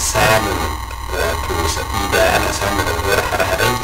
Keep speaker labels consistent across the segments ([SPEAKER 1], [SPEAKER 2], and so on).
[SPEAKER 1] salmon, uh, there was either an salmon or a herring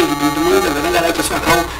[SPEAKER 2] do the money that I got to account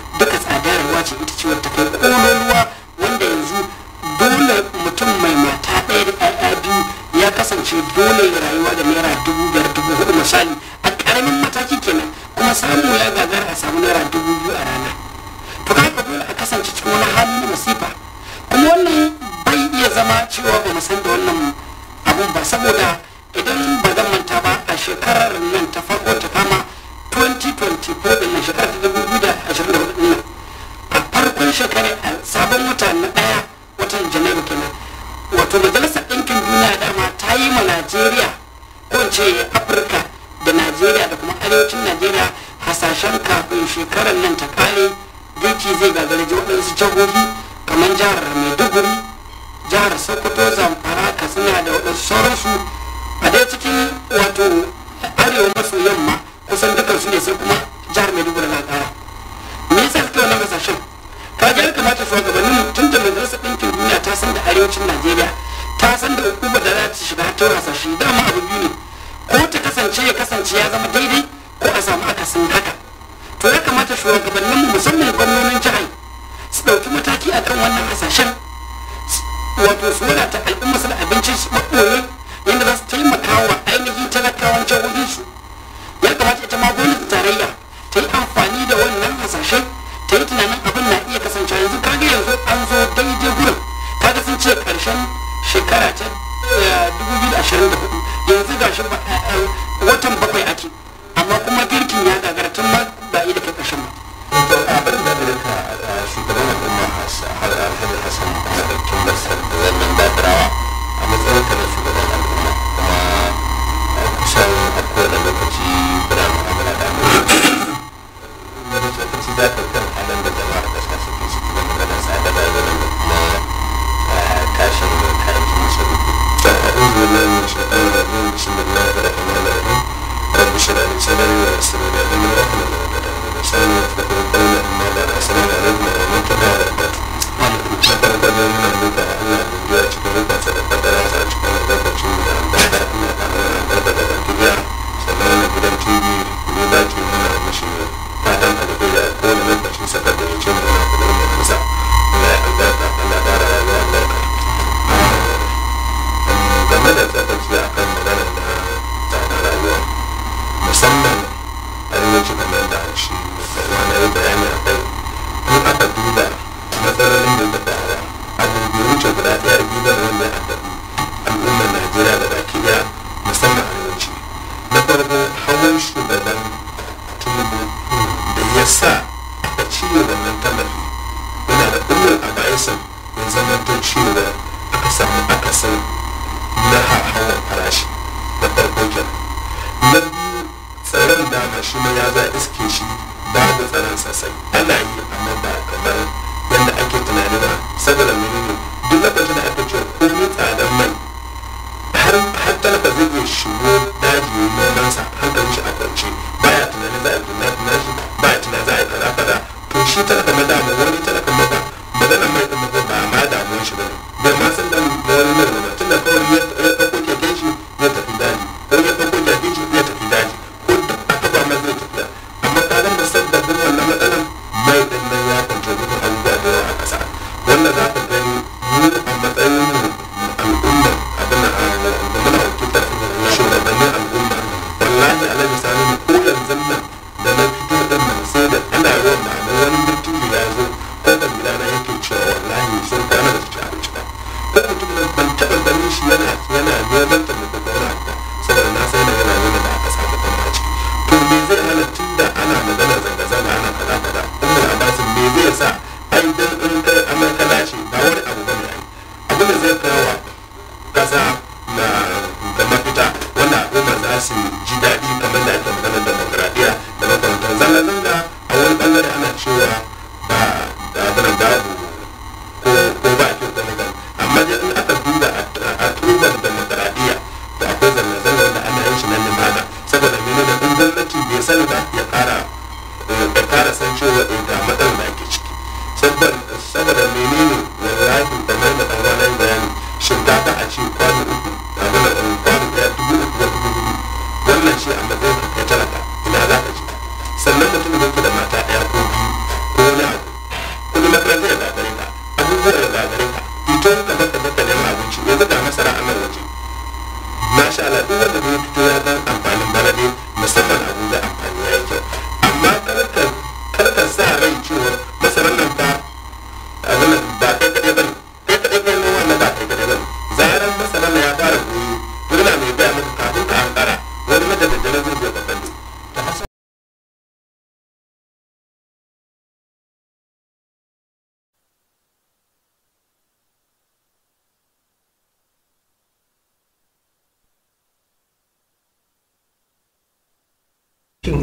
[SPEAKER 1] شيء ثلاثة مدى على ثلاثة مدى مدى لما يتم مدى مع مدى على شيء ده مثلا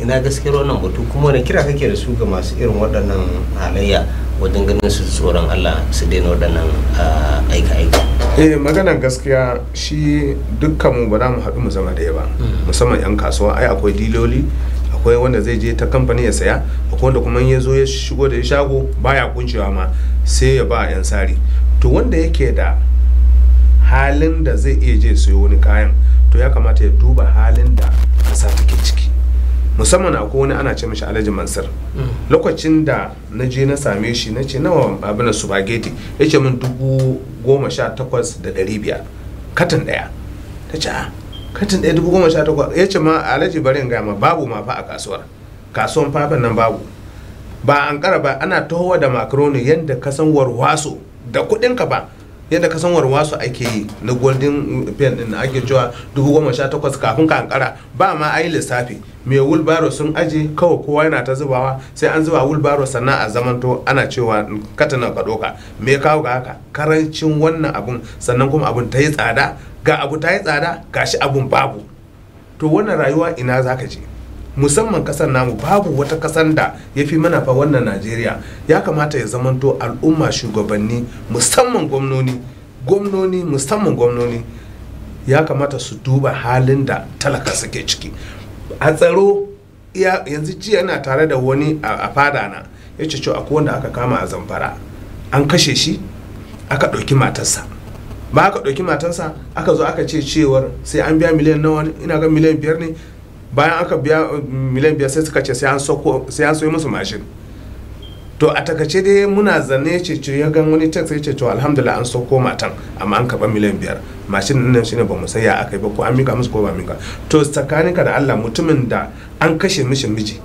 [SPEAKER 3] na gaskiyar wannan batu kuma wani kira kake da su ga masu irin waɗannan halayya wajen ganin su tsoron allah su daina waɗannan aika-aika
[SPEAKER 4] eh maganan gaskiya shi dukkanmu ba za mu haɗu mu zama ɗaya ba hmm. musamman 'yan kasuwa ai akwai diloli akwai wanda zai je ta kamfani ya saya akwai wanda kuma ya zo ya shigo da ya shago baya kuncewa ma sai ya ba 'yan sari to wanda yake da halin da zai iya je sayo wani kayan to ya kamata ya duba halin da kasa take ciki musamman a wani ana ce mishi alhaji mansur mm. lokacin da na je na same shi na ce nawa abin spaghetti ya ce min dubu goma sha takwas da ɗari biyar katin ɗaya ta ce ah, katin ɗaya dubu goma sha takwas ya ce ma alhaji barin ma babu ma fa a kasuwar kasuwan fafin nan babu ba an kara ba ana tohowa da makaroni yadda ka san warwaso da kuɗinka ba yadda ka san warwasu ake yi na golden pen din ake cewa 2018 goma sha takwas kafin kankara ba ma a yi lissafi mai wulbaro sun aje kawai kowa yana ta zubawa sai an zuba wulbaro sannan a zamanto ana cewa katana ka doka me kawo ga haka karancin wannan abun sannan kuma abun ta yi tsada ga abu ta yi tsada gashi abun babu to wannan rayuwa ina zaka je musamman kasar namu babu wata kasar da ya fi mana fa wannan najeriya ya kamata ya zamanto al'umma shugabanni musamman gwamnoni gwamnoni musamman gwamnoni ya kamata su duba halin da talaka suke ciki a tsaro yanzu jiya yana tare da wani a fada na ya ce akwai wanda aka kama a zamfara an kashe shi aka ɗauki matarsa ba aka ɗauki matarsa aka zo aka ce cewar sai an biya miliyan nawa ina ga miliyan biyar ne bayan aka biya uh, miliyan biyar sai suka ce sai an soyi musu mashin to a takace dai muna zane ce ce ya gan wani text ya ce to alhamdulillah an sauko matan amma an karɓa miliyan biyar mashin nan shine ba mu sai ya aka yi ba ko an mika musu ko ba mika to ka da Allah mutumin da an kashe mishi miji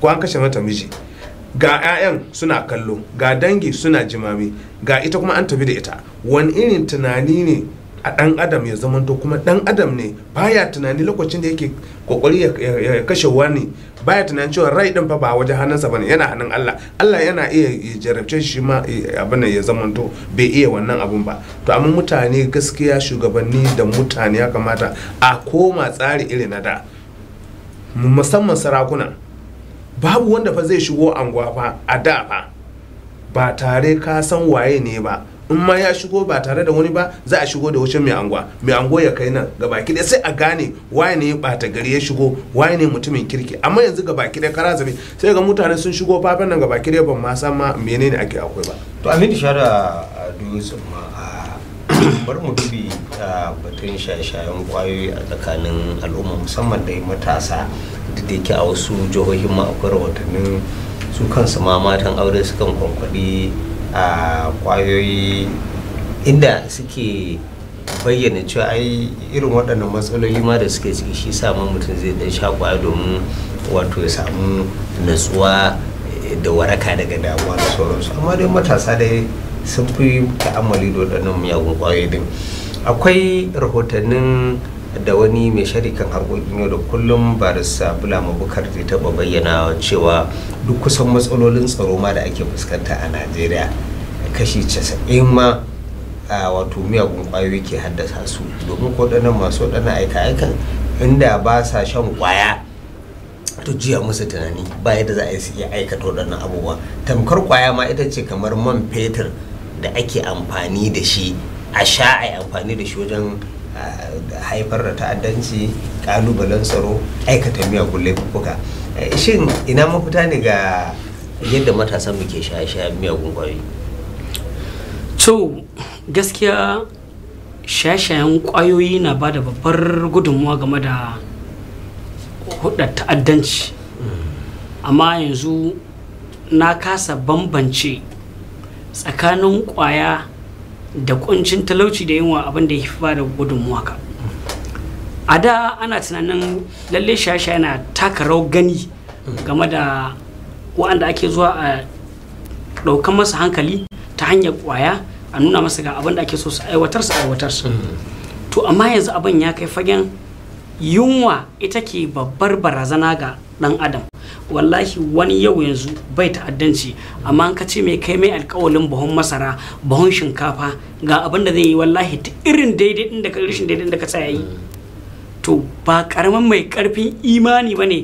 [SPEAKER 4] ko an kashe mata miji ga 'ya'yan suna kallo ga dangi suna jimami ga ita kuma an tafi da ita wani irin tunani ne a dan adam ya zamanto kuma dan adam ne baya tunani lokacin da yake kokari ya kashe wani baya tunanin cewa rai din fa ba wajen hannunsa bane yana hannun Allah Allah yana iya jarabce shi ma abin ya zamanto bai iya wannan abun ba to amma mutane gaskiya shugabanni da mutane ya kamata a koma tsari iri na da musamman sarakuna babu wanda fa zai shigo anguwa fa a da ba tare ka san waye ne ba in ma ya shigo ba tare da wani ba za a shigo da wucin mai angwa mai anguwa ya kai nan gaba ɗaya sai a gane waye ne bata gari ya shigo waye ne mutumin kirki amma yanzu gaba ɗaya kara zabe sai ga mutane sun shigo fafen nan gaba ɗaya ban ma san ma menene ake akwai ba to amin shara
[SPEAKER 3] dutsen ma bar mu dubi batun shaye-shayen kwayoyi a tsakanin al'umma musamman da matasa da da yake a wasu jihohin ma akwai rahotannin su kansu ma matan aure sukan kwankwaɗi a kwayoyi inda suke bayyana cewa ai irin waɗannan matsaloli ma da suke ciki shi sa mutum zai dan sha kwaya domin wato ya samu natsuwa da waraka daga damuwa da sauransu amma dai matasa dai sun fi ta'amali da waɗannan miyagun kwayoyi din akwai rahotannin da wani mai sharikan harkokin yau da kullum barista bulama bukar da taba bayyana cewa duk kusan matsalolin tsaro ma da ake fuskanta a najeriya kashi casa'in ma a wato miyagun kwayoyi ke haddasa su domin ko masu waɗannan aika aika inda ba sa shan kwaya to jiya musu tunani ba yadda za a yi su iya aikata waɗannan abubuwa tamkar kwaya ma ita ce kamar man fetur da ake amfani da shi a sha a amfani da shi wajen haifar da ta'addanci kalubalen tsaro aikata miyagun laifuka eh, shin ina mafita ne ga yadda matasan muke ke shaye-shayen miyagun kwayoyi
[SPEAKER 5] to gaskiya shaye-shayen kwayoyi na ba da babbar gudunmuwa game da hudar ta'addanci amma yanzu na kasa bambance tsakanin kwaya da kuncin talauci da yunwa abin da ya fi ba da gudunmuwa a da ana tunanin lalle shasha yana taka rawa gani game da wa'anda ake zuwa a ɗaukan masa hankali ta hanyar kwaya a nuna masa ga abin da ake so su aiwatar su aiwatar su to amma yanzu abin ya kai fagen yunwa ita ke babbar barazana ga ɗan adam wallahi wani yau yanzu bai ta'addanci amma an kace mai kai mai alkawalin buhun masara buhun shinkafa ga abin da zai yi wallahi ta irin daidai inda ka rashin daidai da ka tsaya yi to ba karaman mai karfin imani ba ne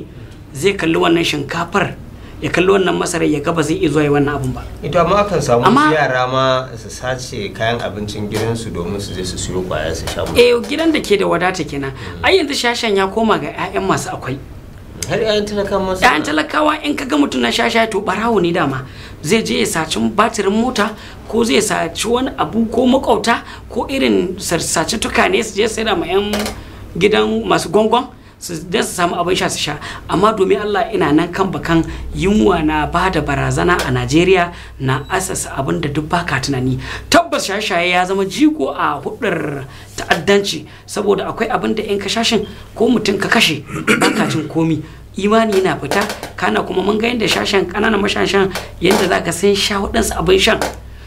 [SPEAKER 5] zai kalli wannan shinkafar ya kalli wannan masarar ya gaba zai iya yi wannan abin ba
[SPEAKER 3] ito amma akan samu yara ma su sace kayan abincin gidansu domin su je su siyo kwaya su sha eh
[SPEAKER 5] gidan da ke da wadata kenan ai yanzu shashan ya koma ga 'ya'yan masu akwai har yayin talakawa masu yayin talakawa in ka ga mutum na shashaya to barawo ne dama zai je ya saci batirin mota ko zai saci wani abu ko makwauta ko irin saci tukane ne su je sai ma yan gidan masu gongon su da su samu abin sha su sha amma domin Allah ina nan kan bakan yunwa na ba da barazana a Najeriya na asasa abin da duk baka tunani ta tabbas shashaye ya zama jiko a hudar ta'addanci saboda akwai abin da in ka ko mutum ka kashe baka jin komi imani yana fita kana kuma mun ga yadda shashen kananan mashashan yadda zaka san sha wadansu abin shan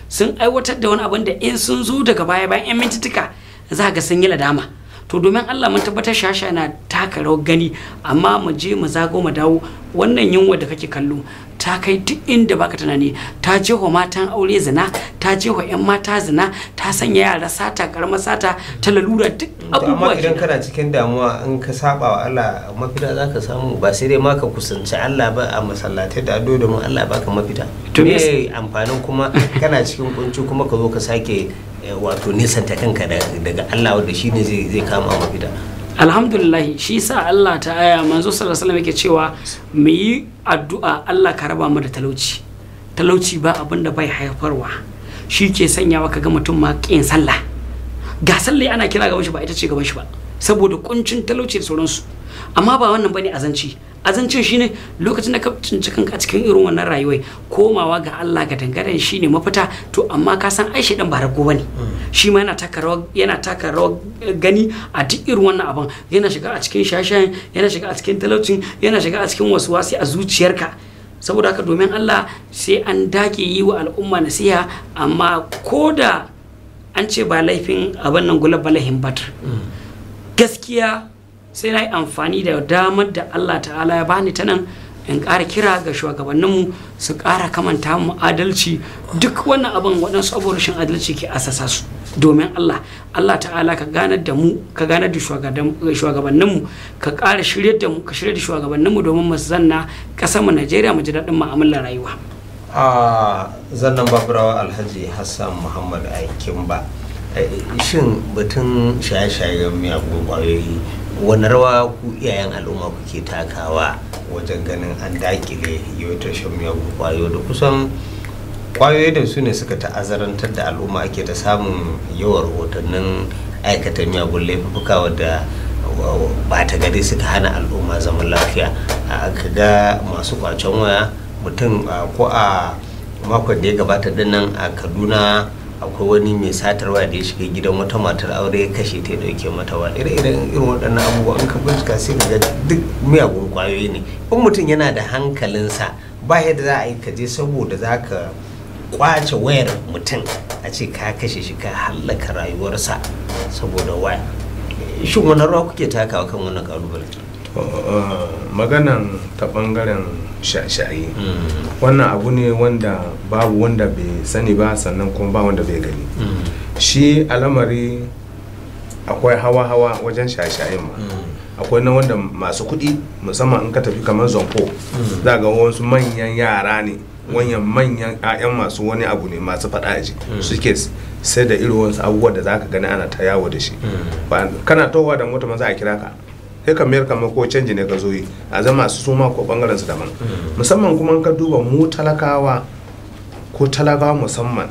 [SPEAKER 5] sun aiwatar da wani abin da in sun zo daga baya bayan yan mintutuka za ga sun yi ladama to domin Allah mun tabbatar shasha na taka rawar gani amma mu je mu zago mu dawo wannan yunwa da kake kallo ta kai duk inda baka tunani ta jeho matan aure zina ta jeho yan mata zina ta sanya yara sata karma sata ta lalura duk
[SPEAKER 3] abubuwa amma idan kana cikin damuwa in ka saba wa Allah mafita zaka samu ba sai dai ma ka kusanci Allah ba a masallatai da ado domin Allah baka mafita to me amfanin kuma kana cikin kunci kuma ka zo ka sake eh, wato nisanta kanka daga Allah wanda shine zai kama mafita
[SPEAKER 5] alhamdulillah shi sa Allah ta aya manzo sallallahu alaihi yake cewa mu yi addu'a Allah ka raba mu da talauci talauci ba abin da bai haifarwa shi ke sanyawa ka ga mutum ma ƙin sallah ga sallah ana kira ga shi ba ita ce ga shi ba saboda kuncin talauci da sauransu amma ba wannan bane azanci azancin shine lokacin da ka tsinci kanka a cikin irin wannan rayuwar komawa ga Allah ga dangaren shine mafita to amma ka san ai shedan ba rago bane shi ma yana taka rawa yana taka rawa gani a duk irin wannan abin yana shiga a cikin shashayen yana shiga a cikin talaucin yana shiga a cikin wasu wasi a zuciyarka saboda haka domin Allah sai an dake yi wa al'umma nasiha amma koda an ce ba laifin abin nan gulab balahin batar mm. gaskiya sai na yi amfani da damar da allah ta'ala ya bani ta nan in ƙara kira ga shugabanninmu su ƙara kamanta mu adalci duk wannan abin waɗansu abubuwan rashin adalci ke asasa su domin Allah Allah ta'ala ka ganar da mu ka ganar da shugabanninmu ka ƙara shirye da mu ka shirye da shugabanninmu domin mu zanna ƙasar mu Najeriya mu ji daɗin mu'amalar rayuwa
[SPEAKER 3] a ah, zannan babrawa Alhaji Hassan Muhammad Aikin ba Eh, shin batun shaye-shayen miyagun kwayoyi wani rawa ku iyayen al'umma kuke takawa wajen ganin an dakile yawaitar shan miyagun kwayo da kusan kwayoyi da su ne suka ta'azarantar da al'umma ake ta samun yawan rahotannin aikata miyagun laifuka wadda ba ta gari suka hana al'umma zaman lafiya a ga masu kwacen waya mutum ko a makon da ya gabata dinnan a kaduna akwai wani mai satarwa da ya shiga gidan wata matar aure ya kashe ta ya dauke mata wa ire-iren irin waɗannan abubuwa in ka bincika sai ka ga duk miyagun kwayoyi ne in mutum yana da hankalinsa ba yadda za a yi ka je saboda za ka kwace wayar mutum a ce ka kashe shi ka hallaka rayuwarsa saboda waya shin wani ruwa kuke takawa
[SPEAKER 4] kan wannan kalubale maganan ta bangaren shaye mm. wannan abu ne wanda babu wanda bai sani ba sannan kuma ba wanda bai gani mm. shi alamari akwai hawa-hawa wajen shaye ma mm. akwai na wanda masu kuɗi musamman in ka tafi kamar zonko za ga wasu manyan yara ne wanyan manyan 'ya'yan masu wani abu ne masu faɗa suke sai da irin wasu abubuwa da za ka gani ana ta yawo da shi kana towa da mota ma a kira ka sai ka mayar kamar ko canji ne ka zo yi a zama su suma ko bangaren su daban musamman kuma ka duba mu talakawa ko talakawa musamman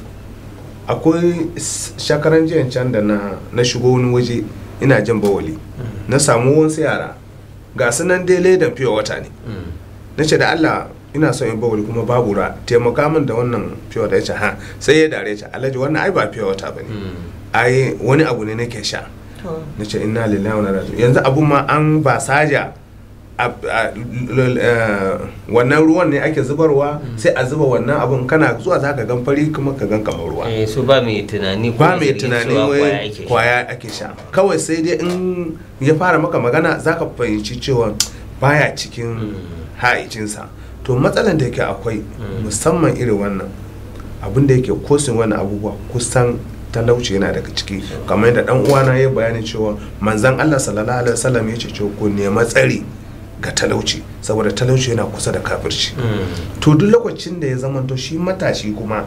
[SPEAKER 4] akwai shakaran jiyan can da na shigo wani waje ina jin bawali na samu wasu yara ga su nan dai laidan fiye wata ne na ce da allah ina son in bawali kuma babu ra taimaka min da wannan fiye wata ya ce ha sai ya dare ce alhaji wannan ai ba fiye wata ba ne hmm. ai wani abu ne nake sha na ce ina lillahi wani inna yanzu abun ma an ba saja eh, wannan ruwan ne ake zubarwa mm. sai a zuba wannan abun kana zuwa za ka gan fari kuma ka gan kamar ruwa eh so ba mai tunani ba mai tunani kwaya ake sha kawai sai dai in ya fara maka magana za ka fahimci cewa baya cikin mm. haicinsa to matsalan da yake akwai mm. musamman irin wannan abin da yake kosin wani abubuwa kusan talauci yana daga ciki kamar yadda dan uwana ya bayani cewa manzon Allah sallallahu alaihi wasallam ya ce ku nema tsari ga talauci saboda talauci yana kusa da kafirci mm. to duk lokacin da ya zamanto shi matashi kuma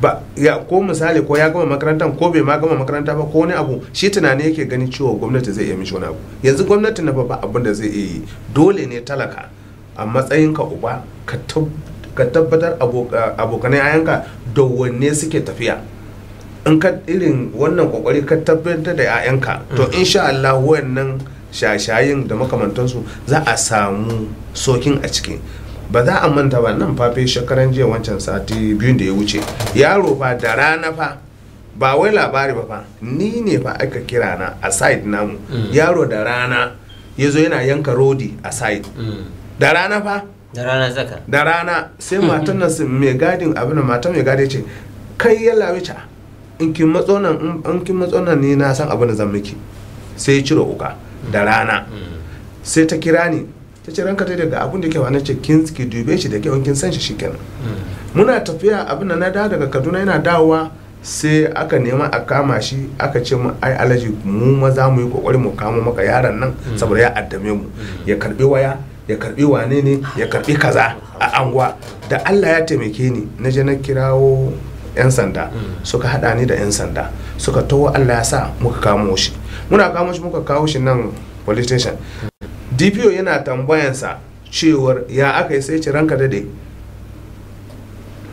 [SPEAKER 4] ba ya ko misali ko ya gama makaranta ko bai ma gama makaranta ba ko wani abu shi tunani yake gani cewa gwamnati zai iya mishi wani abu yanzu gwamnati na ba abin da zai iya yi dole ne talaka a matsayin ka uba ka tabbatar abokanai ayanka da wanne suke tafiya in ka irin wannan kokari ka tabbatar da 'ya'yanka to mm. insha Allah wannan shashayin da makamantansu za a samu sokin a ciki ba za a manta ba nan fafe shekaran jiya wancan sati biyun da ya wuce yaro fa da rana fa ba wai labari ba fa ni ne fa aka kira na a side namu mm. yaro da rana ya zo yana yanka rodi a side mm. da rana fa da rana zaka da rana sai matan nan mai gadin abin matan mai gadi ce kai yalla wuce in kin matso in ne na san abin da zan miki sai ya cire uka da rana sai ta kira ni ta ce ranka daga abin da ke wani ce kin ki dube shi da kyau kin san shi shikenan muna tafiya abin da na dawo daga Kaduna yana dawowa sai aka nema a kama shi aka ce mu ai alaji mu maza mu yi kokari mu kama maka yaron nan saboda ya addame mu ya karbi waya ya karbi wane ne ya karbi kaza a anguwa da Allah ya taimake ni na je na kirawo 'yan sanda suka hada ni da 'yan sanda suka taho allah ya sa muka kamo shi muna kamo shi muka kawo shi nan police station dpo yana tambayansa cewar ya aka yi sai ce ranka dade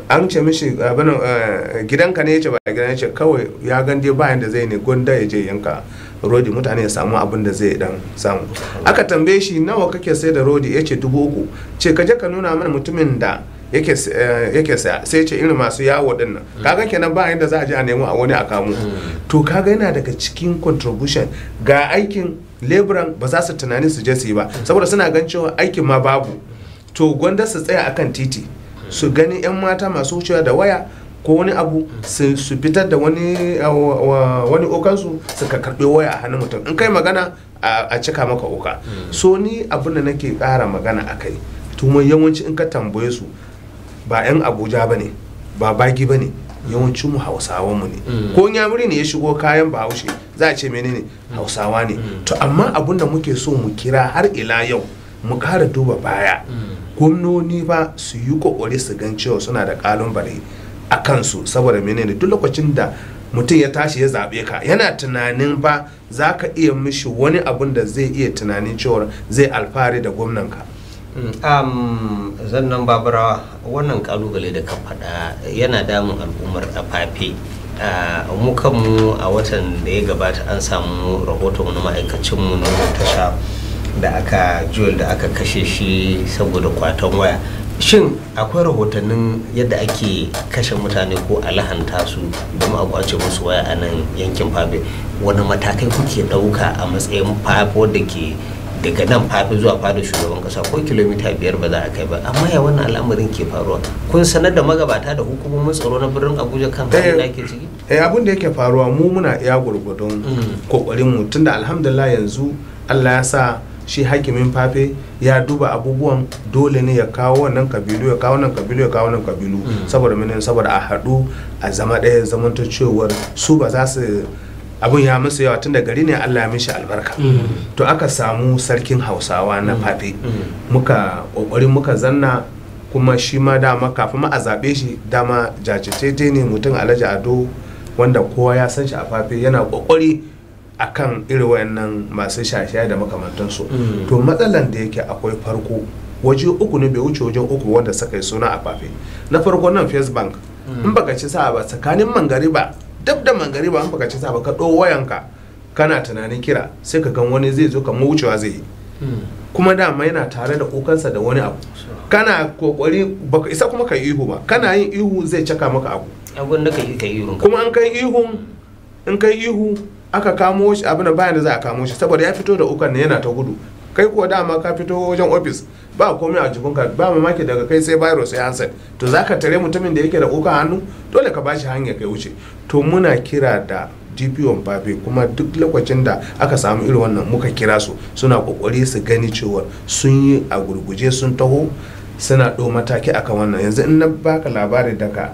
[SPEAKER 4] an ce mishi abin eh, gidanka ne yace ba gidan yace kawai ya gande bayan da zai ne gonda ya je yanka rodi mutane ya samu abin da zai dan samu aka tambaye shi nawa kake sai da rodi yace dubu uku ce ka je ka nuna mana mutumin da yake eh, sai ce irin masu yawo din nan mm. kaga kenan ba yadda za a je a nemo a wani a kamo mm. to kaga yana daga cikin contribution ga aikin leburan ba za su tunani su je su yi ba mm. saboda suna gan cewa aikin ma babu to gwanda su tsaya akan titi su gani yan mata masu wucewa da waya ko wani abu su fitar da wani wani okansu su ka karbe waya a hannun mutum in kai magana a cika maka oka so ni abin da nake kara magana a kai to yawanci in ka tambaye su ba 'yan abuja ba ne ba bagi ba ne yawancin mu hausawan mu ne mm. ko yamuri ne ya shigo kayan bahaushe za a ce menene mm. hausawa ne mm. to amma abun da muke so mu kira har ila yau mu kara duba baya gwamnoni ba su yi kokori su gan cewa suna da bari a kansu saboda menene duk lokacin da mutum ya tashi ya zaɓe ka yana tunanin ba za ka iya mishi wani abun da zai iya tunanin cewa zai alfahari da gwamnanka
[SPEAKER 3] Mm, zannan babura wannan kalubale da ka faɗa yana damun al'ummar kafafe mu a watan da ya gabata an samu rahoton wani ma'aikacinmu na tasha da aka jewel da aka kashe shi saboda kwatan waya shin akwai rahotannin yadda ake kashe mutane ko alahanta su domin a kwace musu waya a nan yankin fabe wani matakai kuke ɗauka a matsayin fafe da ke daga nan fafi zuwa fada shugaban kasa ko kilomita biyar ba za a kai ba amma ya wannan al'amarin ke faruwa kun sanar da magabata da hukumomin tsaro na birnin abuja kan halin da ke ciki
[SPEAKER 4] eh, eh, abin da yake faruwa mu muna iya gurgudun mm. kokarin mu tunda alhamdulillah yanzu Allah ya sa shi hakimin fafe ya duba abubuwan dole ne ya kawo wannan kabilu ya kawo wannan kabilu ya kawo wannan kabilu mm. saboda saboda a haɗu a zama ɗaya zamantacewar su ba za su abun ya masu yawa tun da gari ne Allah ya mishi albarka mm. to aka samu sarkin hausawa na mm. fafe mm. muka kokarin muka zanna kuma shi ma dama kafin ma a zaɓe shi dama jajirtete ne mutum alhaji ado wanda kowa ya san shi a fafe yana kokari kan iri wayannan masu shashiya da makamantansu to matsalan da yake akwai farko waje uku ne bai wuce wajen uku wanda suka yi suna a fafe na farko nan first bank in baka ci sa'a ba tsakanin ba. duk da ba an baka ci sa ba ka ɗo wayanka kana tunanin kira sai ka gan wani zai zo ka wucewa zai yi hmm. kuma dama yana tare da kokansa da wani abu kana kokari baka isa kuma ka ihu ba kana yin ihu zai caka maka abu abun da kai kai ihu kuma an kai ihu in kai ihu aka kamo shi abin da bayan da za a kamo shi saboda ya fito da ukan ne yana ta gudu kai kuwa dama ka fito wajen ofis ba komai a jikinka ba mamaki daga kai sai virus ya hansa to za ka tare mutumin da yake da kuka hannu dole ka bashi hanya kai wuce to muna kira da dpo babe kuma duk lokacin da aka samu irin wannan muka kira su suna kokari su gani cewa sun yi a gurguje sun taho suna ɗo mataki akan wannan yanzu in na baka labari daga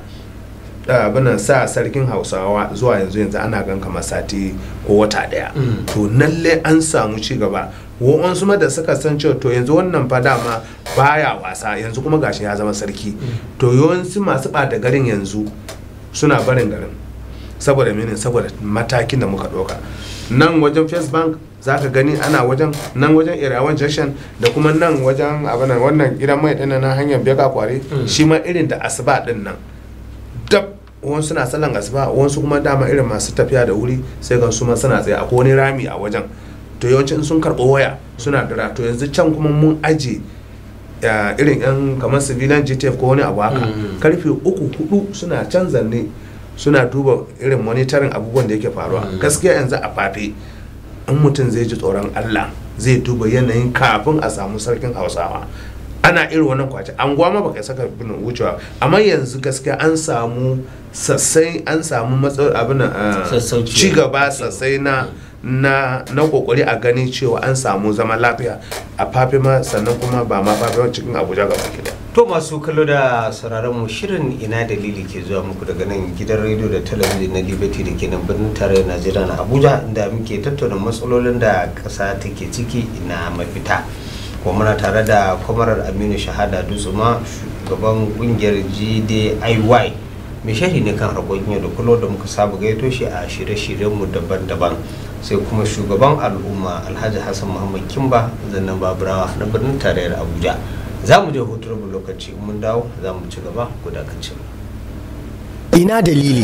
[SPEAKER 4] abinan sa sarkin hausawa zuwa yanzu yanzu ana ganka masati ko wata ɗaya. Mm. to nalle an samu ci gaba wa'ansu ma da suka san cewa to yanzu wannan fa dama baya wasa yanzu kuma gashi ya zama sarki to yawansu masu ɓata garin yanzu suna barin garin saboda menene saboda matakin da muka ɗauka nan wajen first bank za ka gani ana wajen nan wajen irawan jashen da kuma nan wajen abinan wannan idan mai ɗin na hanyar beka kware mm. shi ma irin da asuba ɗin nan dab wani suna sallan asuba wasu kuma dama irin masu tafiya da wuri sai ga su ma suna tsaye akwai wani rami a wajen to yawanci sun karɓo waya suna dira to yanzu can kuma mun aje eh, irin yan kamar civilian gtf ko wani abu haka mm-hmm. karfe uku hudu suna can zanne suna duba irin monitorin abubuwan da yake faruwa mm-hmm. gaskiya yanzu a fafe in mutum zai ji tsoron allah zai duba yanayin kafin a samu sarkin hausawa ana irin wannan kwace an gwama kai saka binin wucewa amma yanzu gaskiya an samu sassai an samu matsalar abin eh, ci gaba sassai na mm. na na kokari a ganin cewa an samu zaman lafiya a fafima sannan kuma ba ma fafima cikin abuja ga baki da to masu kallo
[SPEAKER 3] da sauraron mu shirin ina dalili ke zuwa muku daga nan gidan rediyo da talabijin na liberty da ke nan birnin tarayyar najeriya na abuja inda muke tattauna matsalolin da ƙasa take ciki ina mafita kuma muna tare da kwamarar aminu shahada dutsuma shugaban kungiyar gdiy mai shahi ne kan harkokin yau da kullum da muka saba gaito shi a shirye-shiryenmu daban-daban sai kuma shugaban al'umma alhaji hassan muhammad kimba zannan baburawa na birnin tarayyar abuja za mu je hutu rabin lokaci mun dawo za mu ci gaba guda dakacin ina dalili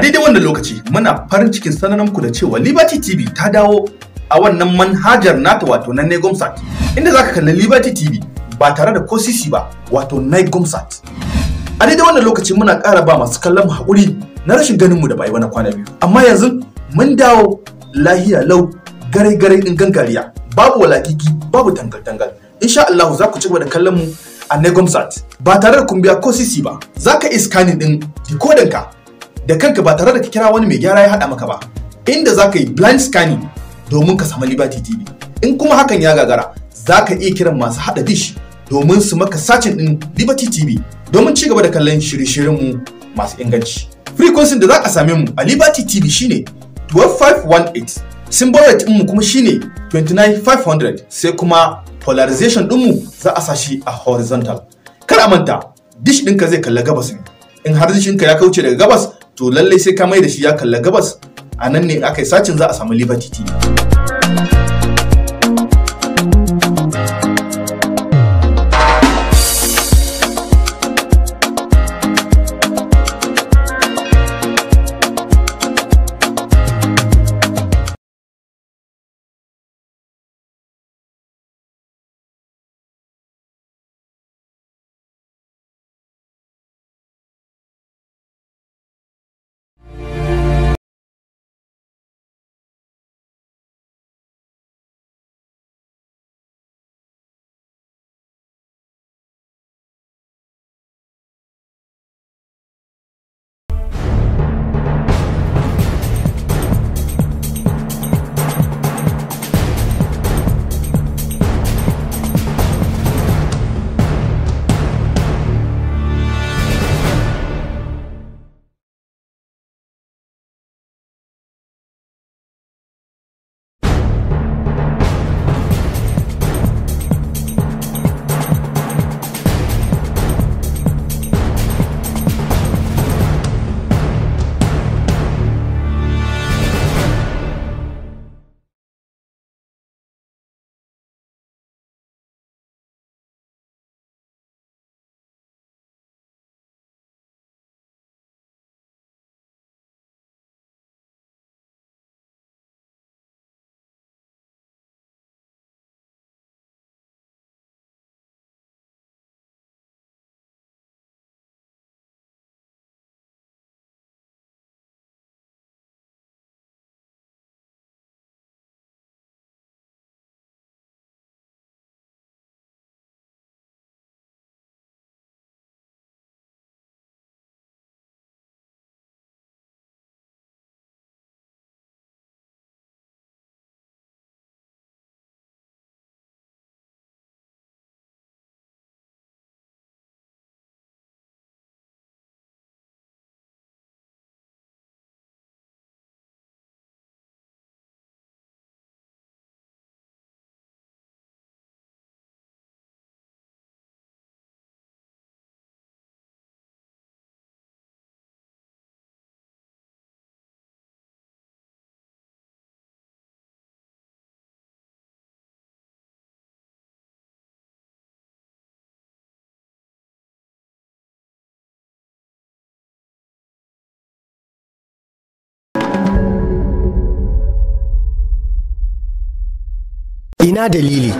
[SPEAKER 6] A daidai wannan lokaci muna farin cikin sanar muku da cewa Liberty TV ta dawo a wannan manhajar nata wato na Negomsat inda zaka kalli Liberty TV ba tare da kosisi ba wato Negomsat. A daidai wannan lokaci muna ƙara ba masu kallon mu haƙuri na rashin ganin mu da bai wani kwana biyu. Amma yanzu mun dawo lahiya lau gare-gare din gangariya babu walakiki babu tangal tangal. Insha Allah za ku ci gaba da kallon mu a Negomsat ba tare da kumbiya kosisi ko ba. Za ka iskanin din dikodinka da kanka ba tare da ka kira wani mai gyara ya haɗa maka ba inda za ka yi blind scanning domin ka samu liberty tv in kuma hakan ya gagara za ka iya kiran masu haɗa dish domin su maka sacin ɗin liberty tv domin ci gaba da kallon shirye-shiryenmu masu inganci frequency da za ka same mu a liberty tv shine 12518 symbol rate ɗinmu kuma shine 29500 sai kuma polarization ɗinmu za a sa shi a horizontal kar a manta dish ɗinka zai kalla gabas ne in har dishinka ya kauce daga gabas to lallai sai ka mai da shi ya kalla gabas a nan ne aka yi sacin za a samu liberty tv ina dalili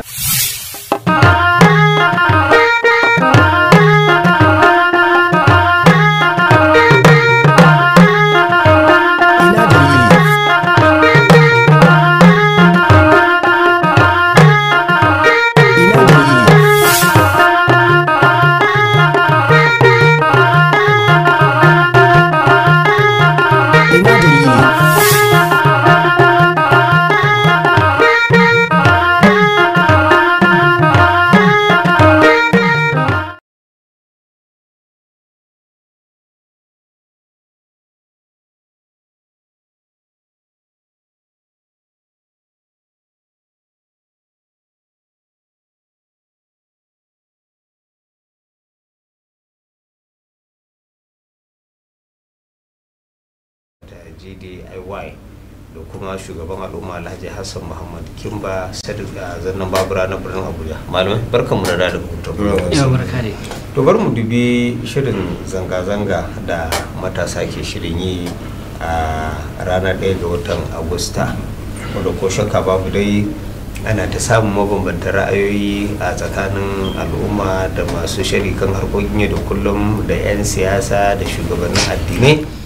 [SPEAKER 2] jdiy
[SPEAKER 3] da kuma shugaban al'umma alhaji hassan muhammad kimba sadiq a zannan babura na birnin abuja malamai barkan mu da da hutu to bar mu dubi shirin zanga-zanga da matasa ke shirin yi a ranar 1 ga watan agusta wadda ko shakka babu dai ana ta samun mabambanta ra'ayoyi a tsakanin al'umma da masu sharikan harkokin yau da kullum da 'yan siyasa da shugabannin addinai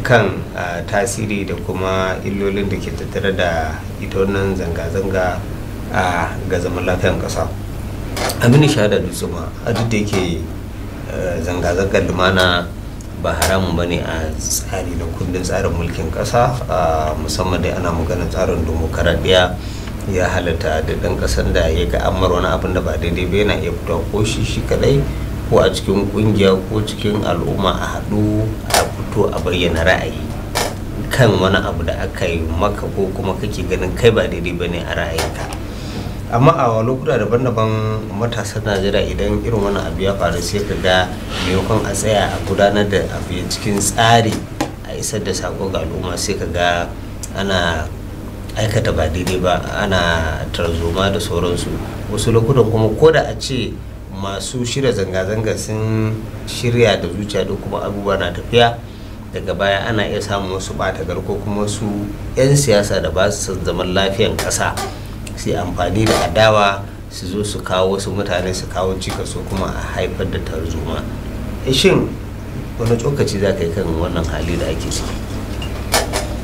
[SPEAKER 3] kan tasiri da kuma illolin da ke tattare da ita wannan zanga-zanga ga zaman lafiyan ƙasa aminu shahada dutsuma a duk da yake zanga-zangar lumana ba haramun ba ne a tsari na kundin tsarin mulkin ƙasa musamman da ana maganar tsarin dimokuraɗiyya ya halatta da ɗan ƙasan da ya ga amar wani abin da ba daidai ba yana iya fitowa ko shi shi kaɗai ko a cikin ƙungiya ko cikin al'umma a haɗu a fito a bayyana ra'ayi kan wani abu da aka yi maka ko kuma kake ganin kai ba daidai ba ne a ra'ayinka amma a lokuta daban-daban matasan najeriya idan irin wani abu ya faru sai ka ga maimakon a tsaya a gudanar da abu cikin tsari a isar da sako ga al'umma sai ka ga ana aikata ba daidai ba ana tarzoma da sauransu wasu lokutan kuma ko da a ce masu shirya zanga-zanga sun shirya da zuciya da kuma abubuwa na tafiya daga baya ana iya samun wasu bata garko kuma su 'yan siyasa da ba su zaman lafiyan ƙasa sai amfani da adawa su zo su kawo wasu mutane su kawo cikaso kuma a haifar da tarzoma eh, shin wani tsokaci za ka yi kan wannan hali da ake ciki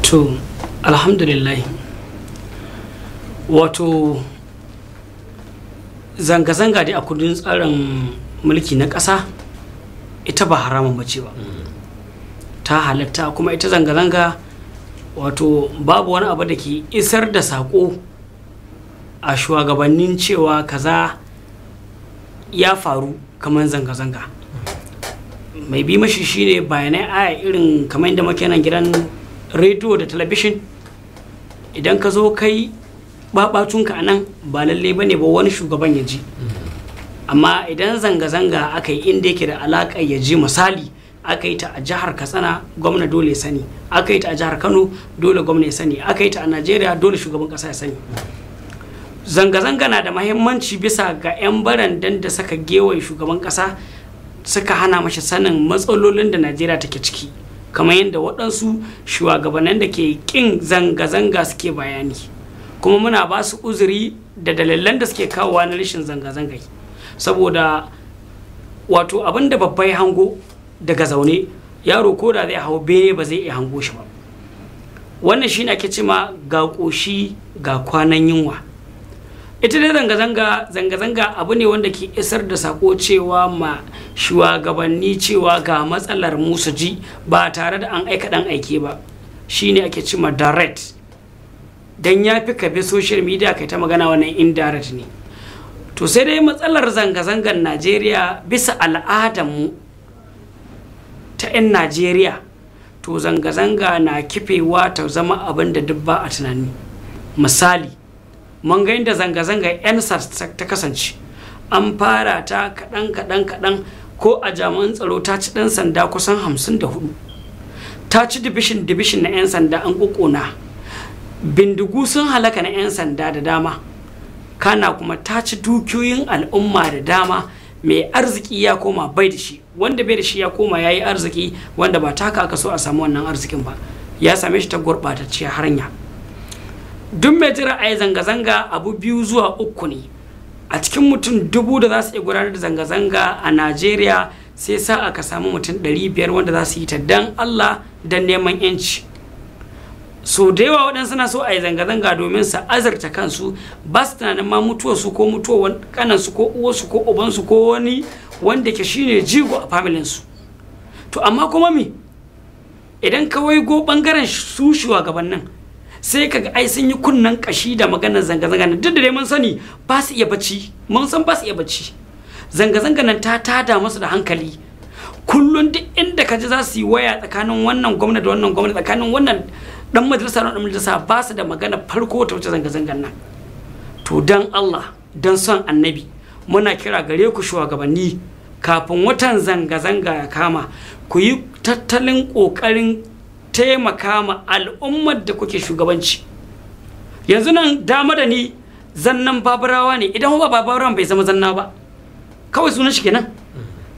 [SPEAKER 3] to alhamdulillah wato
[SPEAKER 5] zanga-zanga da a kudin tsarin mulki na ƙasa ita ba haramun bace ba mm. ta halatta kuma ita zanga-zanga wato babu wani abu da ke isar da saƙo a shugabannin cewa kaza ya faru kamar zanga-zanga mai bi mashi shine bayanai aya irin kamar da muke nan gidan rediyo da talabishin idan ka zo kai babatunka a nan ba lalle ba ne ba wani shugaban ya ji amma idan zanga-zanga aka yi inda yake da alaƙa ya ji misali aka yi ta a jihar katsina gwamna dole ya sani aka yi ta a jihar kano dole gwamna ya sani aka yi ta a najeriya dole shugaban kasa ya sani zanga-zanga na da mahimmanci bisa ga 'yan barandan da suka gewaye shugaban kasa suka hana mashi sanin matsalolin da najeriya take ciki kamar yadda waɗansu shugabannin da ke ƙin zanga-zanga suke bayani kuma muna ba su uzuri da dalilan da suke kawowa na rashin zanga-zangai saboda wato abin da babbai hango daga zaune yaro ko da zai hau bene ba zai iya hango shi ba wannan shine ake cima ga ƙoshi ga kwanan yunwa ita dai zanga-zanga zanga-zanga abu ne wanda ke isar da sako cewa ma shugabanni cewa ga matsalar musu ji ba tare da an aika dan aike ba Shi ne ake cima direct dan ya fi ka bi social media kai ta magana wannan indirect ne to sai dai matsalar zanga-zangar najeriya bisa al'adarmu ta 'yan najeriya to zanga-zanga na kifewa ta zama abin da dubba a tunani misali mun ga inda zanga-zanga 'yan ta kasance an fara ta kaɗan-kaɗan-kaɗan ko a jami'an tsaro ta ci ɗan sanda kusan 54 ta ci dibishin dibishin na 'yan sanda an ƙuƙuna bindigu sun halaka na 'yan sanda da dama kana kuma ta ci dukiyoyin al'umma da dama mai arziki ya koma bai da shi wanda bai da shi ya koma yayi arziki wanda ba taka aka so a samu wannan arzikin ba ya same shi ta gurɓatacciyar hanya duk mai jira a yi zanga-zanga abu biyu zuwa uku ne a cikin mutum dubu da za su iya gudanar da zanga-zanga a najeriya sai sa aka samu mutum ɗari biyar wanda za su yi ta dan allah dan neman yanci so da yawa waɗansu na so a yi zanga-zanga domin su azarta kansu ba su tunanin ma mutuwarsu ko mutuwar kanansu ko uwarsu ko ubansu ko wani wanda ke shine jigo a familin su to amma kuma me idan ka go bangaren su shugabannin sai kaga ai sun yi kunnan kashi da maganar zanga-zanga duk da dai mun sani ba su iya bacci mun san ba su iya bacci zanga-zanga nan ta tada musu da hankali kullun duk inda ka ji za su yi waya tsakanin wannan gwamna da wannan gwamna tsakanin wannan dan majalisa da majalisa ba su da magana farko ta wuce zanga-zangan nan to dan Allah dan son annabi muna kira gare ku shugabanni kafin watan zanga-zanga ya kama ku yi tattalin ƙoƙarin taimaka ma al'ummar da kuke shugabanci yanzu nan dama da ni zannan babarawa ne idan ba babarawan bai zama zanna ba kawai suna shi kenan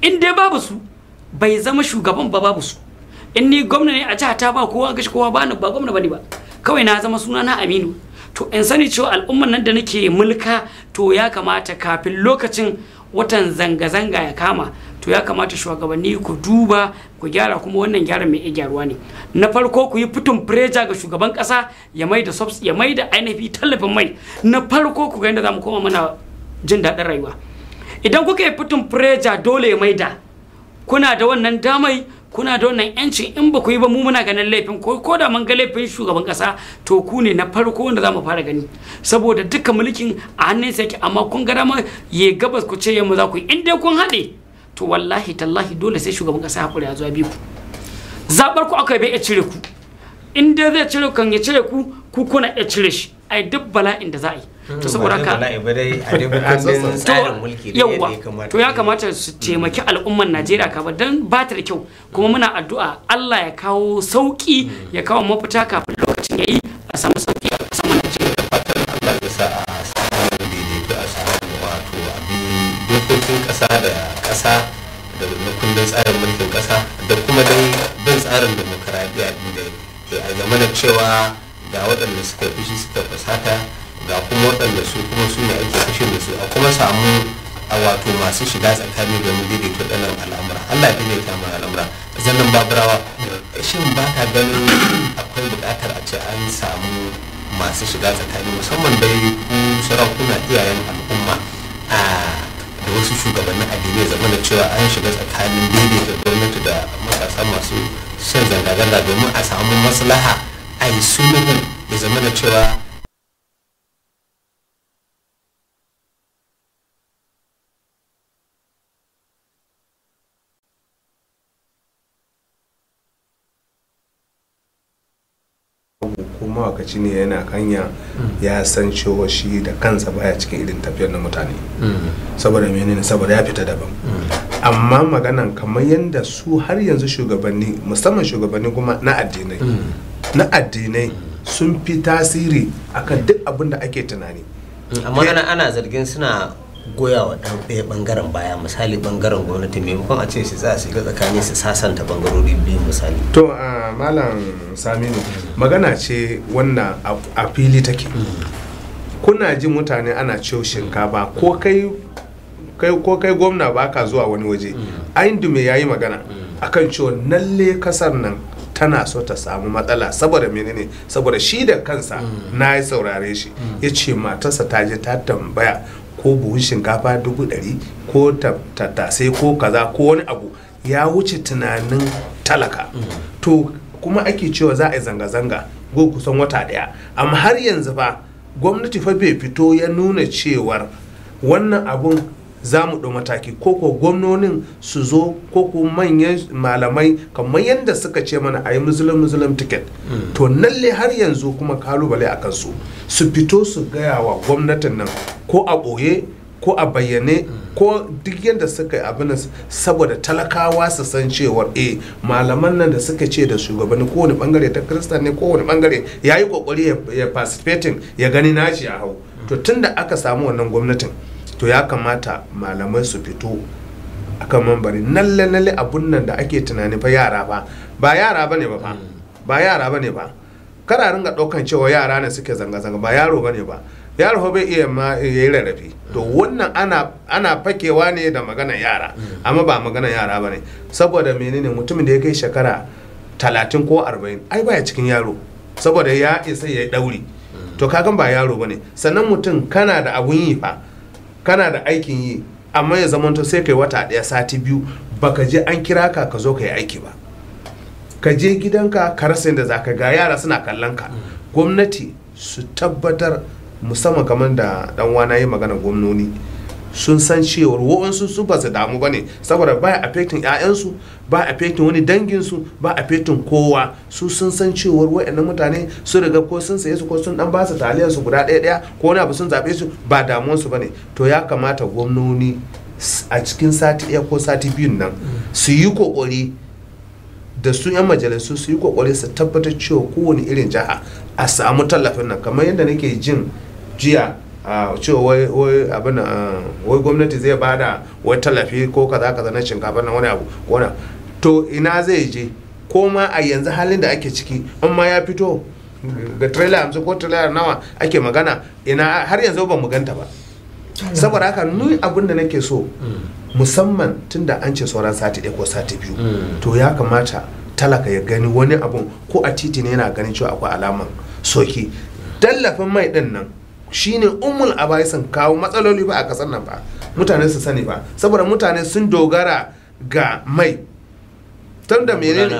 [SPEAKER 5] in dai babu su bai zama shugaban ba babu su in ni gwamna ne a jihata ba kowa gashi kowa ba ni ba gwamna ba ba kawai na zama suna na aminu to in sani cewa al'ummar nan da nake mulka to ya kamata kafin lokacin watan zanga-zanga ya kama to ya kamata shugabanni ku duba ku gyara kuma wannan gyaran mai gyaruwa ne na farko ku yi fitin preja ga shugaban kasa ya mai da ya mai da ainihi tallafin mai na farko ku ga za mu koma mana jin daɗin rayuwa idan kuka yi fitin preja dole ya da, kuna da wannan damai kuna da wannan yancin in ba ku yi ba mu muna ganin laifin ko ko da mun ga laifin shugaban kasa to ku ne na farko wanda zamu fara gani saboda duka mulkin a hannun sa yake amma kun ga dama ya gabas ku ce yamma za ku in dai kun haɗe to wallahi tallahi dole sai shugaban kasa hakuri ya zuwa bi ku zabar ku aka bai ya cire ku in dai zai cire kan ya cire ku ku kuna ya cire shi ai duk bala'in da za a yi Hmm. to saboda haka to ya kamata su taimaki al'umman Najeriya ka ba dan ba ta da kyau kuma muna addu'a Allah ya kawo sauki hmm. ya kawo mafita kafin lokacin yayi a samu sauki a samu Najeriya fatan Allah ya sa a samu
[SPEAKER 1] daidaito a samu wato abin dokokin kasa da kasa da kundin tsarin mulkin kasa da kuma dai bin tsarin demokaradiyya da a zamanin cewa ga waɗanda suka fushi suka fasata ga kuma waɗanda su kuma su ne ake kashin da su a kuma samu a wato masu shiga tsakani domin daidaita waɗannan al'amura allah ya daidaita mana al'amura zannan baburawa shin ba ta ganin akwai buƙatar a ce an samu masu shiga tsakani musamman dai ku sarakuna iyayen al'umma a da wasu shugabannin addinai zama da cewa an shiga tsakanin daidaita gwamnati da matasa masu son zanga-zanga domin a samu maslaha a
[SPEAKER 2] yi sunan ya zama da cewa
[SPEAKER 4] lokaci ne yana kanya ya san cewa shi da kansa baya cikin irin tafiyar na mutane saboda menene saboda ya fita daban amma maganan kamar yadda su har yanzu shugabanni musamman shugabanni kuma na addinai na addinai sun fi tasiri akan duk abin da ake tunani
[SPEAKER 3] amma ana zargin suna goya wa ɗaya ɓangaren baya misali ɓangaren gwamnati maimakon a ce shi za su shiga tsakanin su sasanta ɓangarori biyu misali
[SPEAKER 4] to a malam saminu magana ce wannan a fili take kuna ji mutane ana ciwo shinkafa ko kai gwamna ba ka zuwa wani waje ayin dume ya yi magana akan ciwon nalle kasar nan tana so ta samu matsala saboda menene saboda shi da kansa na yi saurare shi ya ce matarsa ta je ta tambaya ko buhun shinkafa dubu ɗari ko tattase ko kaza ko wani abu ya wuce tunanin talaka mm. to kuma ake cewa za a yi zanga-zanga go kusan wata ɗaya amma har yanzu fa gwamnati fa bai fito ya nuna cewar wannan abun za mu ɗau mataki ko ko gwamnonin su zo ko ko manyan malamai kamar yadda suka ce mana a yi muslim muslim ticket
[SPEAKER 3] hmm. to nalle
[SPEAKER 4] har yanzu kuma kalubale a kansu su fito su gaya wa gwamnatin nan ko a ɓoye ko a bayyane hmm. ko duk yadda suka yi abin saboda talakawa su san cewar e malaman nan da suka ce da shugabanni wani bangare ta kirista ne ko wani bangare ya yi kokari ya fasifetin ya gani naci a hau hmm. to tunda aka samu wannan gwamnatin to ya kamata malamai su fito a kan mambari nalle nalle abun nan da ake tunani fa yara ba ba yara bane ba fa ba yara bane ba kada ringa ɗaukan cewa yara ne suke zanga zanga ba yaro bane ba yaro fa bai iya ma yayi rarrafe to wannan ana ana fakewa ne da magana yara amma ba magana yara ba ne saboda menene mutumin da ya kai shekara talatin ko arba'in ai baya cikin yaro saboda ya isa ya yi dauri to kagan ba yaro ba ne sannan mutum kana da abun yi fa kana da aikin yi amma ya zamanto sai kai wata ɗaya sati biyu ba ka je an kira ka ka zo ka yi aiki ba ka je gidanka ka rasa yadda zaka ga yara suna kallon ka gwamnati su tabbatar musamman kamar da dan wana yi magana gwamnoni sun san cewar wa'ansu sun ba su damu ba ne saboda ba a fetin 'ya'yansu ba a fetin wani danginsu ba a fetin kowa su sun san cewar wa'annan mutane sun riga ko sun saye su ko sun dan ba su taliyar su guda ɗaya ɗaya ko wani abu sun zaɓe su ba damuwansu ba ne to ya kamata gwamnoni a cikin sati ɗaya ko sati biyun nan su yi kokori da su 'yan majalisu su yi kokori su tabbatar cewa kowane irin jiha a samu tallafin nan kamar yadda nake jin jiya cewa wai wai gwamnati zai ba da wai tallafi ko kaza kaza na shinkafa na wani abu wani to ina zai je ko ma a yanzu halin da ake ciki in ma ya fito ga trailer hamsin ko trailer nawa ake magana ina har yanzu ba mu ganta ba saboda haka ni abin da nake so musamman tun da an ce sauran sati ɗaya ko sati biyu mm. to ya kamata talaka ya gani wani abun ko a titi ne yana ganin cewa akwai alaman soki tallafin mai din nan shine umul sun kawo matsaloli ba a kasar nan ba mutane su sani ba saboda mutane sun dogara ga mai tun da menene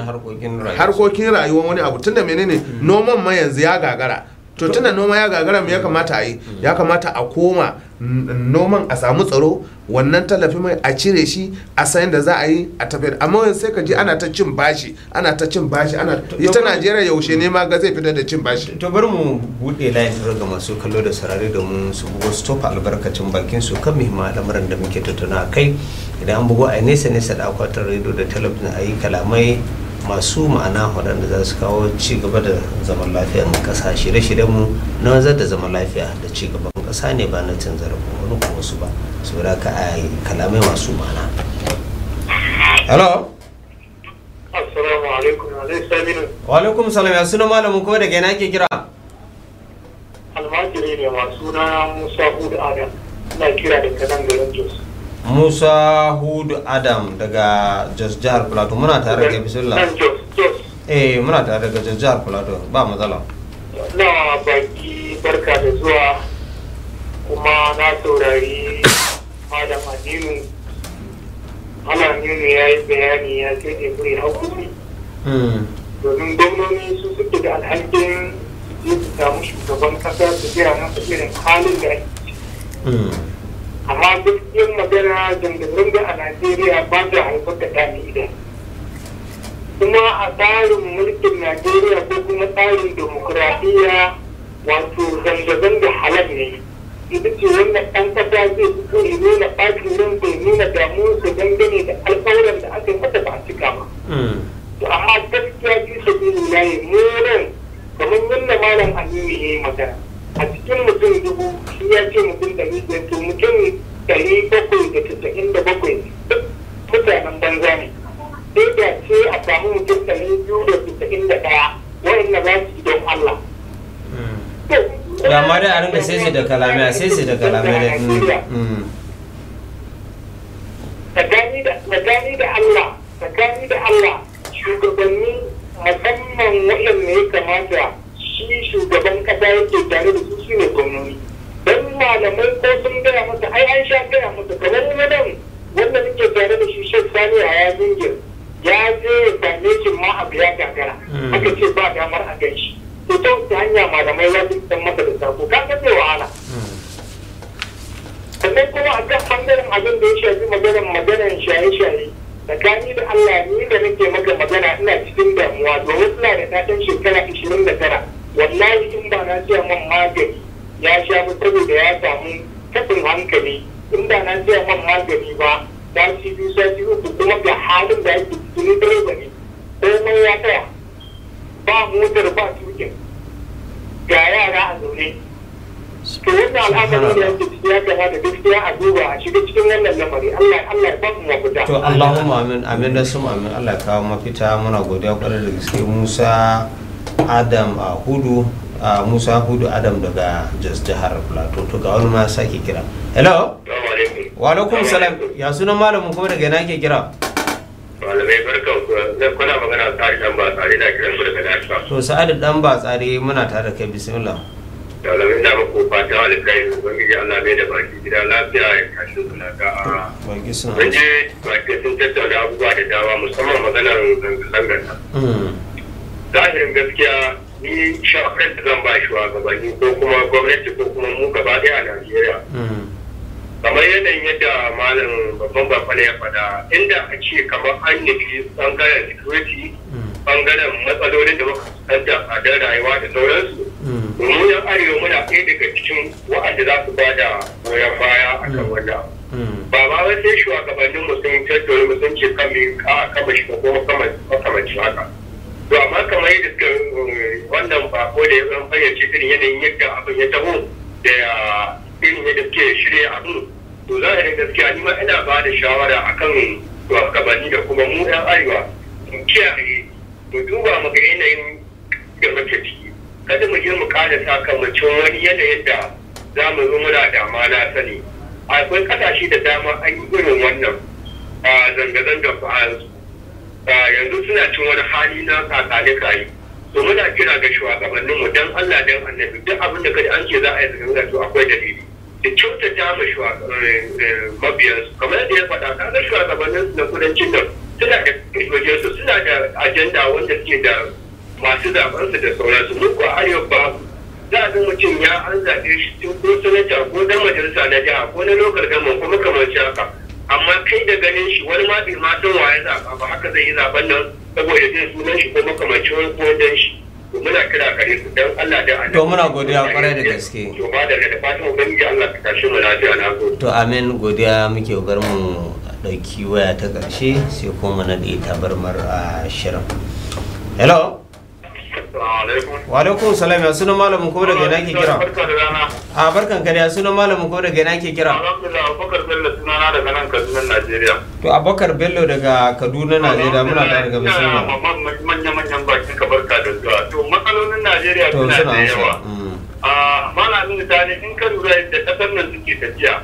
[SPEAKER 4] harkokin rayuwa wani abu tun da menene mm. noman ma yanzu ya gagara to tunda noma ya gagara me ya kamata a yi ya kamata a koma noman a samu tsaro wannan tallafi mai a cire shi a sayan da za a yi a tafiyar amma wani sai ka ji ana ta cin bashi ana ta cin bashi ana ita najeriya yaushe ne ma ga zai fitar da cin bashi to bari
[SPEAKER 3] mu bude layin ga masu kallo da sarari domin su bugo su tofa albarkacin bakin su kan muhimman al'amuran da muke tattauna kai idan an bugu a nesa nesa da akwatin rediyo da talabijin a yi kalamai masu ma'ana waɗanda za su kawo ci gaba da zaman lafiyar ƙasa shirye-shiryenmu na wanzar da zaman lafiya da ci gaba ƙasa ne ba na canza zarafin wani ko wasu ba saboda ka a kalamai masu mana hello
[SPEAKER 7] assalamu alaikum
[SPEAKER 3] wa alaikum salam ya suna malamin ko daga yana ke kira
[SPEAKER 7] almajiri ne masu na musa hudu adam na kira daga nan garin jos
[SPEAKER 3] musa hudu adam daga jos jihar plateau muna tare da bisullah eh muna tare daga jos jihar plateau ba matsala
[SPEAKER 7] na baki barka da zuwa kuma na saurari malam aminu malam aminu ya yi bayani ya ce ne mai hakuri hmm. domin gwamnoni su suke da alhakin su su samu shugaban kasa su gina masa irin halin da ake hmm. amma duk yin magana dandamalin da a najeriya ba ta haifar da dami idan kuma a tsarin mulkin najeriya ko kuma tsarin demokuraɗiyya wato zanga-zanga halal ne ita ce wannan ɗan ƙasa zai fito ya nuna ɓacin nan bai nuna damuwarsa dangane da alƙawuran da aka yi mata ba a cika ba. To amma gaskiya ji sabili na yi munan kamar yadda malam Aminu ya yi magana. A cikin mutum dubu shi ya ce mutum ɗari biyar to mutum ɗari bakwai da casa'in da bakwai duk mutanen banza ne. Sai da ce a samu mutum ɗari biyu da casa'in da ɗaya wa'in za su yi don Allah. ba ma dai
[SPEAKER 3] a rinka sai su da kalame a sai su da kalamai da gani hmm.
[SPEAKER 7] da Allah gani da Allah shugabanni musamman waɗanda ya kamata shi shugaban kasa yake tare da su ne gwamnoni don malamai ko sun gaya masa ai an sha gaya masa kamar wadan wanda muke tare da shi shek sani a ya ya je ya same shi ma abu ya gagara hmm. aka ce ba damar a gan shi ita wata hanya malamai za su san masa da sako ka ga zai wahala sannan kuma a kan bangaren abin da ya shafi maganar maganar shaye-shaye tsakani da Allah ni da nake maka magana ina cikin damuwa domin suna da ɗaɗin shekara ishirin da tara wallahi in ba na ce man magani ya sha mu saboda ya samu taɓin hankali in ba na ce man magani ba sati biyu sati uku kuma ga halin da ake cikin direba ne komai ya tsaya ba motar ba tukin ga yara a zaune to wannan al'amarin da yake ciki ya kamata gaskiya a duba a shiga cikin wannan lamari Allah Allah ba mu mafita to Allahumma
[SPEAKER 3] amin amin da su amin Allah ya kawo mafita muna godiya kwarai da gaske Musa Adam a hudu a Musa hudu Adam daga Jos jihar Plateau to ga wani ma sake kira hello wa alaikum salam ya sunan malamin kuma daga ina ke kira
[SPEAKER 7] malamai barka kuna magana tsari dan ba tsari na kiran ku daga
[SPEAKER 3] To dan ba tsari muna tare da kai bismillah.
[SPEAKER 7] Malamai na fata wa da baki gida lafiya ya sun. sun tattauna abubuwa da dama musamman maganar mm. Zahirin gaskiya ni shafin da zan ba shugabanni ko kuma gwamnati ko kuma mu gaba ɗaya a Najeriya. Mm. kamar yanayin yadda malam babban bakwale ya fada inda a ce kamar an nufi bangaren security bangaren hmm. matsalolin da muka tsada a dan rayuwa da sauransu
[SPEAKER 1] hmm. mu yan
[SPEAKER 7] arewa muna ɗaya daga cikin wa'anda za su bada goyon baya a kan hmm. wannan ba ba wai sai shugabannin mu sun tattauna mu sun ce kan me ka kama shi ko shi haka to amma kamar yadda suka eh, wannan ko da ya fayyace irin yanayin yadda abin ya taho da irin yadda ya shirya abin to za a yi gaskiya ni ma ina ba da shawara a kan shugabanni da kuma mu yan arewa mu kiyaye mu duba mu ga yanayin da muke ciki kada mu je mu kada sakamacin wani yanayin da za mu zo muna da ma na sani akwai kasashe da dama an yi irin wannan a zanga-zangar a yanzu suna cin wani hali na kakale kayi to muna kira ga shugabanninmu don Allah don annabi duk abin da kaji an ce za a yi zanga to akwai dalili da kyautata ma eh, mabiyansu kamar yadda ya faɗa kaga shugabannin na kudancin nan suna da su suna da ajanda wanda suke da masu zabansu da sauransu mun ko arewa ba za a ga mutum ya an zaɓe shi tun ko sanata ko dan majalisa na jiha ko na lokal gaman ko makamancin haka amma kai da ganin shi wani ma bai ma san waye zaɓa ba haka zai yi zaɓen nan saboda zai sunan shi ko makamancin ko dan shi muna kira kare su don Allah da Allah. To muna godiya kwarai da gaske. To ba da da fatan ubangiji Allah ka tashi mu lafiya na gode.
[SPEAKER 3] To amin godiya muke bar mu dauki waya ta karshe sai kuma na da mar a ah, shirin. Hello. wa alaikum salam ya sunan malamin ko daga ina ke kira a barkan ka da sunan malamin ko daga ina ke kira
[SPEAKER 7] alhamdulillah abubakar bello sunana daga nan kaduna najeriya
[SPEAKER 3] to abubakar bello daga kaduna najeriya muna da daga musulman
[SPEAKER 7] manya manyan bakin ka barka da zuwa to matsalolin najeriya suna da yawa mm. a malamin misali in ka lura yadda kasar nan suke tafiya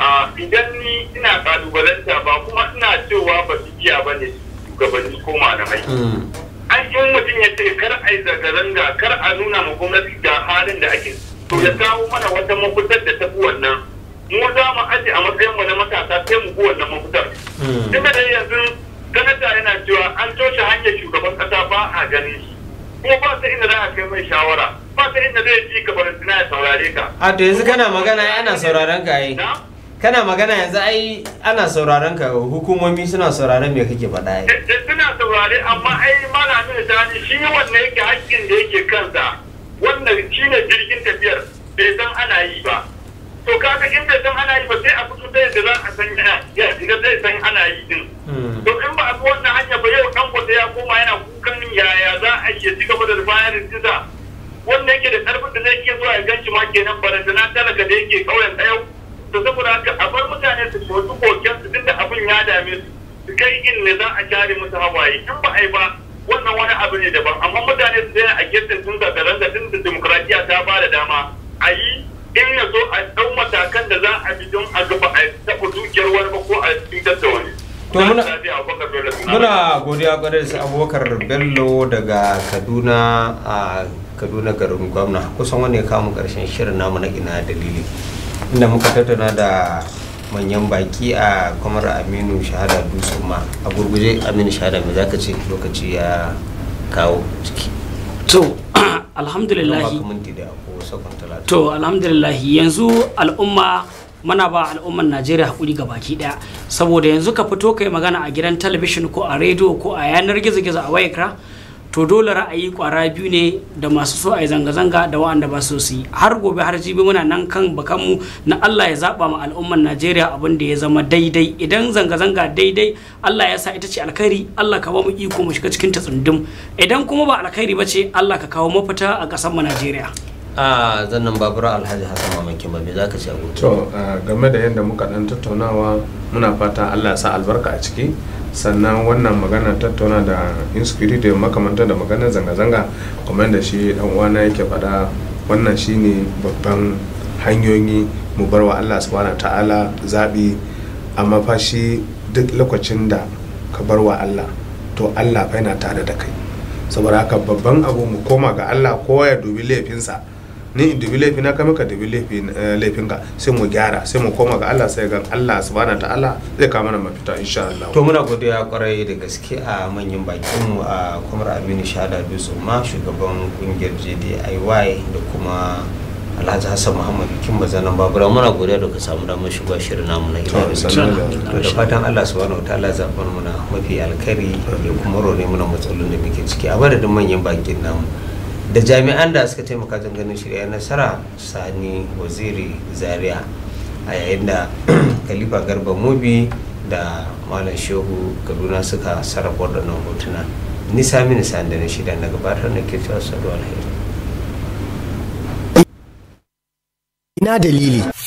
[SPEAKER 7] a idan ni ina kalubalanta ba kuma ina cewa ba su iya bane shugabanni ko malamai mm. an in mutum ya ce kar a yi zanga-zanga kar a nuna ma gwamnati da halin da ake to ya kawo mana wata mafutar da ta fi wannan mu za mu aje a matsayin mu na matasa sai mu bi wannan mafutar. Hmm. duka da yanzu sanata yana cewa an toshe hanyar shugaban kasa ba a ganin shi kuma ba ta inda za a kai mai shawara ba ta inda zai ji ka barantana ya saurare ka
[SPEAKER 3] a to yanzu kana magana yana sauraron ka yi kana magana yanzu ai ana sauraron ka hukumomi suna sauraron me kake faɗa ai eh,
[SPEAKER 7] eh, suna saurare amma ai malamin tani shi wannan yake hakkin da yake kansa wannan shine jirgin tafiyar bai san ana yi ba to kaga in bai san ana yi ba sai a fito da yadda za a san yana ya idan zai san ana yi din hmm. to in ba a bi wannan hanya ba yau dan kwata ya koma yana kukan yaya za a yi ci gaba da bayar da wanda yake da karfin da zai ke zuwa ya ganci ma kenan barazana talaka da yake kauyen ɗaya to saboda haka a bar mutane su wasu koken su dinda abin ya dame su su kai in ne za a share musu hawaye in ba a yi ba wannan wani abu ne daban amma mutane su tsaya a gefen sun zagaran da tun da demokradiya ta ba da dama a yi in ya zo a ɗau matakan da za a bi don a gaba a taɓa dukiyar wani ba ko a cutar da wani. to muna
[SPEAKER 3] godiya kwarai da abubakar bello daga kaduna a kaduna garin gwamna kusan wani ya kama karshen shirin namu na ina dalili inda muka tattauna da manyan baki a kamar aminu shahada dusuma a gurguje aminu shahada mai zaka ce lokaci ya kawo ciki to alhamdulillahi to
[SPEAKER 5] alhamdulillahi yanzu al'umma mana ba al'umman najeriya haƙuri ga baki daya saboda yanzu ka fito kai magana a gidan talabishin ko a rediyo ko a yanar gizo-gizo a wayekra to dole ra'ayi kwara biyu ne da masu so a yi zanga-zanga da wa'anda ba su yi har gobe har jibi muna nan kan bakanmu na Allah ya zaba ma al'umman Najeriya abin da ya zama daidai idan zanga-zanga daidai Allah ya sa ita ce alkhairi Allah ka ba mu iko mu shiga cikin ta idan kuma ba alkhairi ba ce Allah ka kawo mafita a ƙasar mu Najeriya
[SPEAKER 3] a zannan babura alhaji hassan mamakin babe za ka ce a to game da
[SPEAKER 4] yadda muka dan tattaunawa muna fata allah ya sa albarka a ciki sannan wannan magana tattauna da insecurity da makamanta da maganar zanga-zanga kuma da shi dan uwana yake faɗa wannan shine babban hanyoyi mu bar wa allah subhanahu ta'ala zaɓi a mafashi duk lokacin da ka bar wa allah to allah fa yana tare da kai saboda haka babban abu mu koma ga allah kowa ya dubi laifinsa ni in dubi laifi na kame ka dubi eh, laifin ka sai mu gyara sai mu koma ga Allah sai ga Allah subhanahu ta'ala zai kawo mana mafita insha Allah to muna godiya kwarai da
[SPEAKER 3] gaske a manyan bakin mu a Kumar Aminu Shada dusu ma shugaban kungiyar JDIY da kuma alhaji hassan muhammad bikin Bazanan babura muna godiya da ka samu damar shiga shirin namu na ila da fatan allah subhanahu wa ta'ala zaɓar muna mafi alkhairi da kuma rore muna matsalolin da muke ciki a madadin manyan bakin namu da jami'an da suka taimaka don ganin shirya nasara sani waziri zaria a yayin da kalifa garba mubi da malam shehu kaduna suka sarrafa da nan hotuna nisa mini sani da na shida na gabatar na ke cewa sadu alheri ina dalili